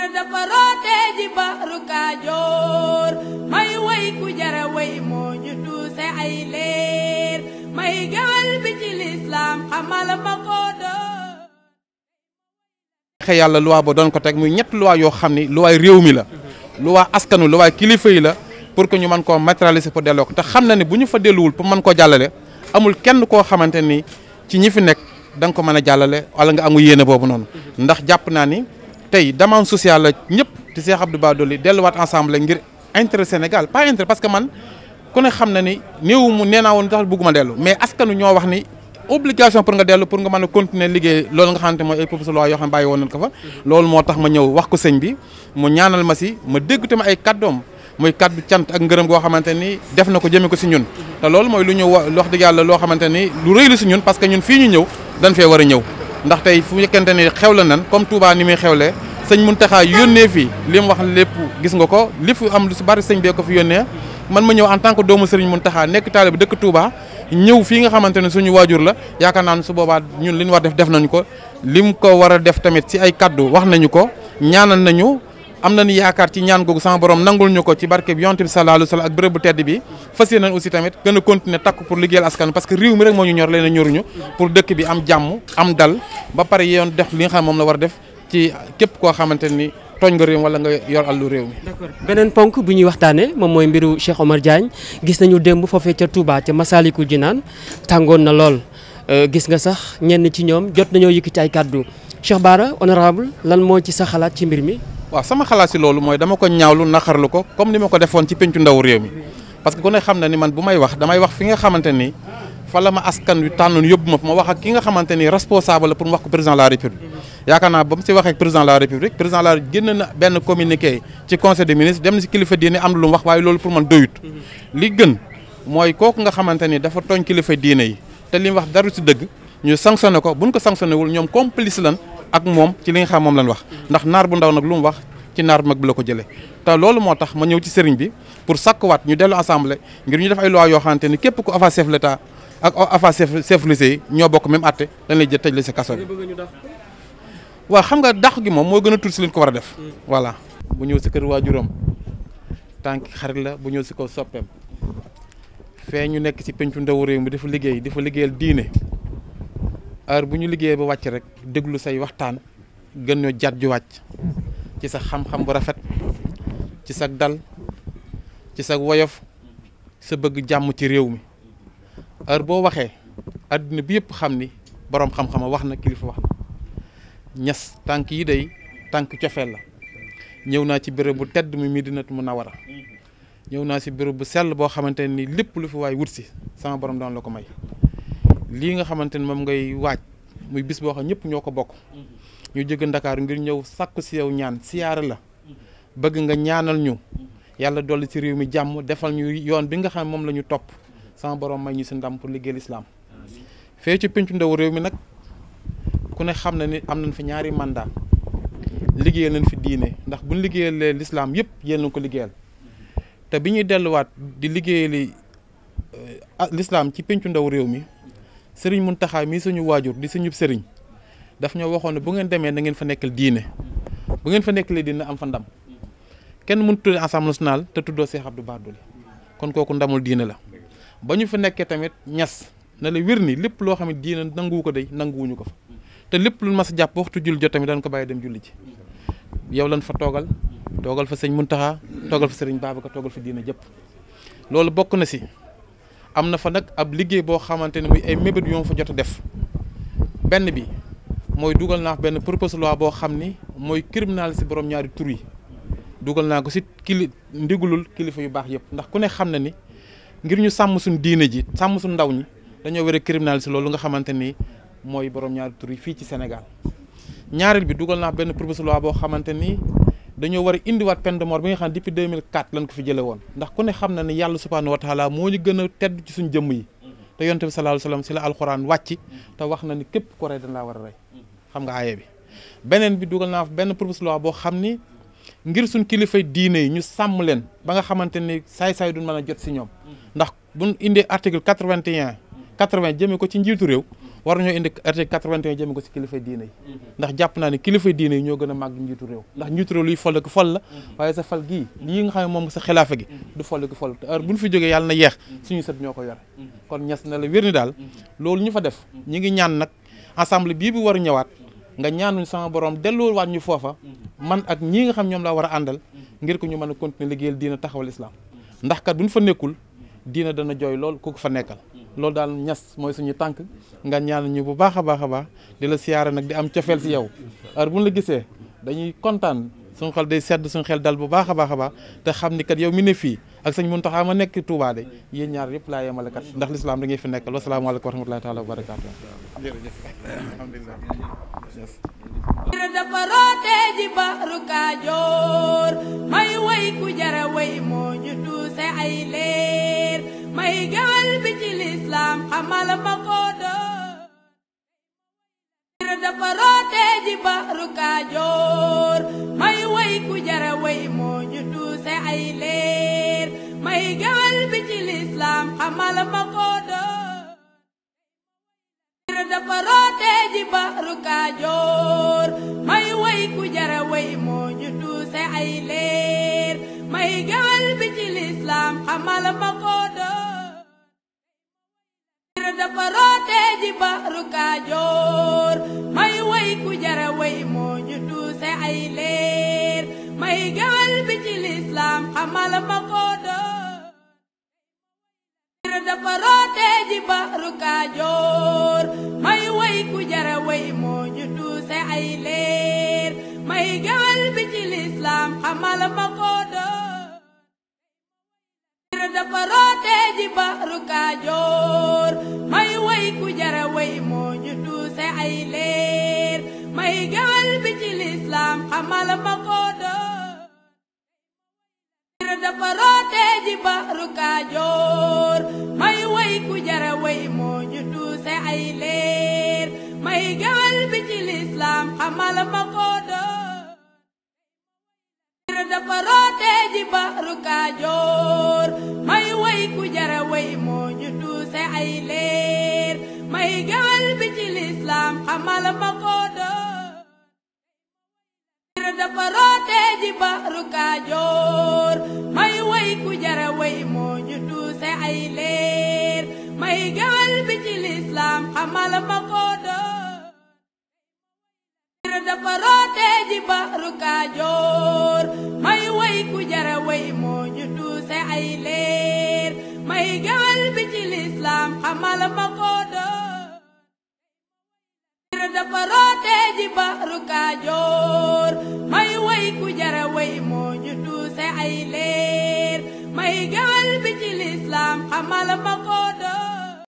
nu dafa roote ji baaru Kajoor may doon ko teg muy ñett luwaa yoo xam ni luwaay réew mi la luwaa askanu luwaay kilifa yi la pour que ñu mën koo matérialiser pour delloo ko te xam na ne bu ñu fa delluwul pour mën koo jàllale amul kenn koo xamante ni ci ñi fi nekk da ko mën a jàllale wala nga amu yéene boobu noonu ndax jàpp naa ni tey demande social la ñëpp te Cheikh Abdou Bara Dolly delluwaat ensemble ngir intérêt Sénégal pas intérêt parce que man ku ne xam na ni néew mu nee naa woon tax bëgguma dellu mais askanu ñoo wax ni obligation pour nga dellu pour nga mën a continuer liggéey loolu nga xamante mooy ay proposition loi yoo xam ne bàyyi woon loolu moo tax ma ñëw wax ko sëñ bi mu ñaanal ma si ma dégg ma ay kàddoom muy kàddu cant ak ngërëm goo xamante ni def na ko jëme ko si ñun te loolu mooy lu ñu wax dëgg yàlla loo xamante ni lu rëy ñun parce que ñun fii ñu ñëw dañ fee war a ñëw ndax tey fu fekkente ni la nan comme Touba ni muy xewle xewlee mun Mountakha yónnee fii li mu wax lépp gis nga ko li fu am lu si bari sëñ bee ko fi yónnee man ma ñëw en tant que doomu sëriñ Mountakha nekk taalibe dëkk Touba ñëw fii nga xamante ne suñu waajur la yaakaar naa ne su boobaa ñun li ñu war def def nañu ko lim ko war a def tamit si ay kaddu wax nañu ko ñaanal nañu. am na nañu yaakaar ci ñaan googu sama boroom nangul ñu ko ci barke bi yonte bi sallallahu alayhi wa sallam ak bërëb bu tedd bi fas yéene aussi tamit gën a continuer takk pour liggéeyal askan parce que réew mi rek moo ñu ñor leen ñoruñu pour dëkk bi am jàmm am dal ba pare yoon def li nga xam moom la war a def ci képp koo xamante ni tooñ nga réew wala nga yor allu réew mi. beneen ponk bu ñuy waxtaanee moom mooy mbiru Cheikh Omar Diagne gis nañu démb foofee ca Touba ca Massalikul Jinaan tàngoon na lool euh, gis nga sax ñenn ci ñoom jot nañoo yëkkati ay kàddu Cheikh Bara honorable lan moo ci sa xalaat ci mbir mi waaw sama xalaat si loolu mooy dama ko ñaawlu naqarlu ko comme ni ma ko defoon ci pencu ndaw réew mi parce que ku ne xam na ni man bu may wax damay wax fi nga xamante ni fa la ma askan wi tànnoon yóbbu ma ma wax ak ki nga xamante ni responsable la pour mu wax ko président de la république. yaakaar naa ba mu si waxee ak président de la république président de la génn na benn communiqué ci conseil des ministres dem na si kilifa diine am lu mu wax waaye loolu pour man doyut. mooy kooku nga xamante ni dafa tooñ kilifa diine yi te li mu wax daru si dëgg ñu sanctionné ko buñ ko sanctionné wul ñoom complice lan ak moom ci li nga xam moom lañ wax mm-hmm. ndax naar bu ndaw nag lu mu wax ci naar bu mag bi la ko jëlee te loolu moo tax ma ñëw ci sëriñ bi pour sàkkuwaat ñu dellu assemblée ngir ñu def ay loi yoo xamante ni képp ko afa chef l'état ak afa chef chef lycée yi ñoo bokk même àtte dañ lay jël tëj la si kaso bi waaw xam nga dàq gi moom moo gën a tuuti si liñ ko war a def mm. voilà bu ñëw si kër waajuram tànk xarit la bu ñëw si ko soppeem fee ñu nekk ci pencu ndaw réew mi dafa liggéey dafa liggéeyal diine heure bu ñu liggéeyee ba wàcc rek déglu say waxtaan gën ñoo jaat ju wàcc ci sa xam-xam bu rafet ci sa dal ci sa woyof sa bëgg jàmm ci réew mi air boo waxee àddina bi yëpp xam ni boroom xam-xama wax na kilifa wax ñas tànk yi day tànk cofeel la ñëw naa ci béréb bu tedd mi Medinatu Munawara ñëw naa si béréb bu sell boo xamante ni lépp lu fi waay wut si sama borom doon la ko may lii nga xamante ni moom ngay waaj muy bis boo xam ñëpp ñoo ko bokk. ñu jóge Ndakaaru ngir ñëw sàkku si yow ñaan siyaara la bëgg nga ñaanal ñu yàlla dolli ci réew mi jàmm defal ñu yoon bi nga xam moom la ñu topp sama borom may ñu si ndam pour liggéey lislaam fee ci péncu ndaw réew mi nag ku ne xam na ni am nañ fi ñaari mandat liggéeyal nañ fi diine ndax buñ liggéeyalee lislaam yëpp yéen nañ ko liggéeyal te bi ñuy delluwaat di liggéeyali euh, ah, lislaam ci péncu ndaw réew mi sëriñ mun taxaa mii suñu waajur di suñu sëriñ daf ñoo waxoon ne bu ngeen demee na ngeen fa nekkal diine bu ngeen fa nekkalee diine am fa ndam kenn mënut tuddee Assemblée nationale te tuddoo Cheikh Abdou Bara Dolly kon kooku ndamul diine la ba ñu fa nekkee tamit ñas na la wir ni lépp loo xam ne diine nanguwu ko dey nanguwuñu ko fa te lépp lu mas sa jàpp waxtu jul jot tamit dañ ko bàyyi dem julli ci yow lan fa toogal toogal fa sëñ mun taxaa toogal fa sëriñ Babacar toogal fa diine jëpp loolu bokk na si am na fa nag ab liggéey boo xamante ne muy ay mébét yoo fa jot a def benn bi mooy dugal naa benn proposition de boo xam ni mooy si borom ñaari tur dugal naa ko si kili ndigalul kilifa yu baax yëpp ndax ku ne xam na ni ngir ñu sàmm suñ diine ji sàmm suñu ndaw ñi dañoo war a criminaliser loolu nga xamante ni mooy borom ñaari turi fii ci Sénégal ñaareel bi dugal naa benn proposition de boo xamante nii dañoo war a indiwaat peine bi nga xam ne depuis 2004 lañ ko fi jëlee woon ndax ku ne xam na ne yàlla subhaanahu wa taala moo ñu gën a tedd ci suñ jëmm yi te yonte bi sallallahu alayhi wasallam si la alxuraan te wax na ni képp ko rey dañ laa war a rey xam nga aaye bi beneen bi dugal naa fa benn proposition loi boo xam ni ngir suñ kilifay diine yi ñu sàmm leen ba nga xamante ni saay-saay duñ mën a jot si ñoom ndax buñ indee article 81 80 jëmee ko ci njiitu réew war nañoo indi article 81 jëme ko si kilifa diine yi mhm. ndax jàpp naa ne kilifa diine yi ñoo gën a màgg njiitu réew ndax njiitu réew luy fol ko fol la mhm. waaye sa fal gii lii nga xam ne moom sa xilaafa gi mhm. du fol ko fol te heure bu yàlla na yeex ñoo ko yore kon ñes na la wér ni daal loolu ñu fa def ñu ngi ñaan nag assemblée bii bu war ñëwaat nga ñaanuñ sama borom delloo waat ñu foofa man ak ñii nga xam ñoom laa war a àndal ngir ko ñu man a continuer liggéeyal diina taxawal islam ndax kat buñ fa nekkul diina dana jooy lool ku ko fa nekkal loolu daal ñas mooy suñu tànk nga ñaan ñu bu baax a baax a baax di la siyaare nag di am cofeel si yow heure bu ñu la gisee dañuy kontaan suñu xel day sedd suñu xel dal bu baax a baax a baax te xam ni kat yow mi ne fii ak sañ sëñ Muntaxa ma nekk Touba de yéen ñaar yëpp laa yemale kat ndax lislaam da ngay fi nekkal wasalaamaaleykum wa rahmatulahi taala wa barakaatu. jërëjëf alhamdulilah. dafa roote ji baaru Kajoor may way ku jara way moo ñu tuuse ay leer. amala makodo dafa roote ji baaru Kajoor may way ku jara way moo ñu tuuse ay leer may gewel bi ci lislaam amala makodo dafa roote ji defaroo tee ji baaru kaajoor may way ku jara way moo ñu tuuse ay leer ci lislaam xamal ma ji baaru kaajoor may way ku jara way moo ñu tuuse ay leer may gewel bi ci lislaam xamal ma ko door baaru kaajoor may way ku jara way moo ñu tuuse ay leer may gewel bi ci lislaam xamal ma ko doon ay leer may gewel bi ci lislaam xamal ma ko doon may way ku jara way moo ñu tuuse ay leer may gewel bi ci lislaam xamal ma ko doon islam xamal ma ko doon